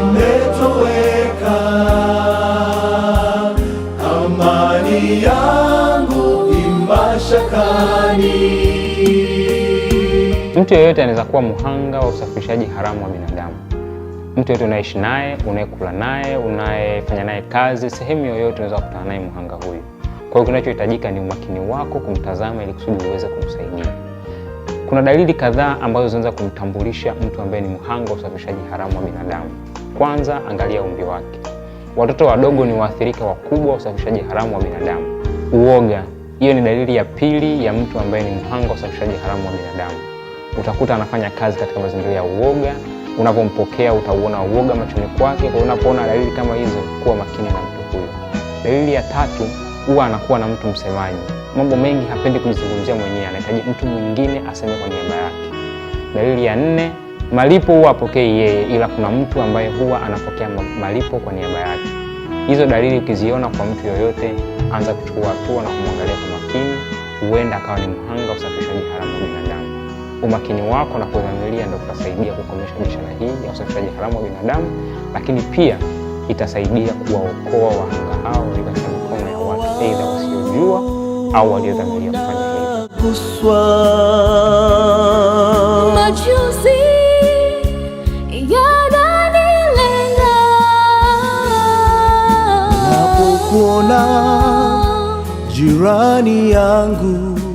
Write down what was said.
imetoweka, amani yangu imashakani. Mtu yeyote anaweza kuwa mhanga wa usafirishaji haramu wa binadamu. Mtu yeyote unaishi naye, unayekula naye, unayefanya naye kazi, sehemu yoyote unaweza kukutana naye mhanga huyu. Kwa hiyo kinachohitajika ni umakini wako kumtazama, ili kusudi uweze kumsaidia. Kuna dalili kadhaa ambazo zinaweza kumtambulisha mtu ambaye ni mhanga wa usafirishaji haramu wa binadamu. Kwanza, angalia umri wake. Watoto wadogo ni waathirika wakubwa wa usafirishaji haramu wa binadamu. Uoga, hiyo ni dalili ya pili ya mtu ambaye ni mhanga wa usafirishaji haramu wa binadamu. Utakuta anafanya kazi katika mazingira ya uoga. Unapompokea utauona uoga machoni kwake. Kwa unapoona dalili kama hizo, kuwa makini na mtu huyo. Dalili ya tatu huwa anakuwa na mtu msemaji. Mambo mengi hapendi kujizungumzia mwenyewe, anahitaji mtu mwingine aseme kwa niaba yake. Dalili ya nne, malipo huwa apokei yeye, ila kuna mtu ambaye huwa anapokea malipo kwa niaba yake. Hizo dalili ukiziona kwa mtu yoyote, anza kuchukua hatua na kumwangalia kwa makini, huenda akawa ni mhanga wa usafirishaji haramu wa binadamu. Umakini wako na kudhamiria ndio kutasaidia kukomesha biashara hii ya usafirishaji haramu wa binadamu, lakini pia itasaidia kuwaokoa au waliotangulia kufanya hivyo. Machozi yananilenga napokuona jirani yangu